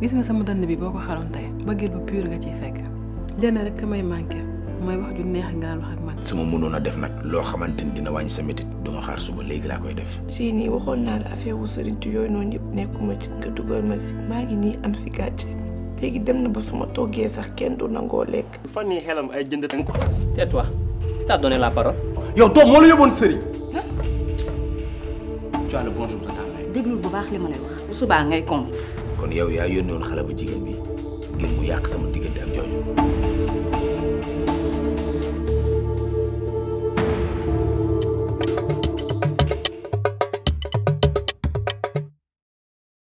gis nga sama dënn bi boo ko xaroon tey ba bu pur nga ci fekk lenn rek may manqué mooy wax ju neex nga wax ak man. su ma mënoon a def nag loo xamante ni dina wàññi sa métit du ma xaar suba léegi def. si waxoon naa la affaire wu sëriñtu yooyu noonu yëpp nekkuma ci nga dugal ma si maa ngi nii am si gàcce léegi dem na ba su ma toggee sax kenn du nangoo lekk. fan yii xelam ay jënd tënk. c'est toi la parole. yow doom moo la yóbboon déglul bu baax li ma lay wax. bu subaa ngay compte. kon yow yaa yónni woon xale bu jigéen bi ngir mu yàq sama diggante ak jooju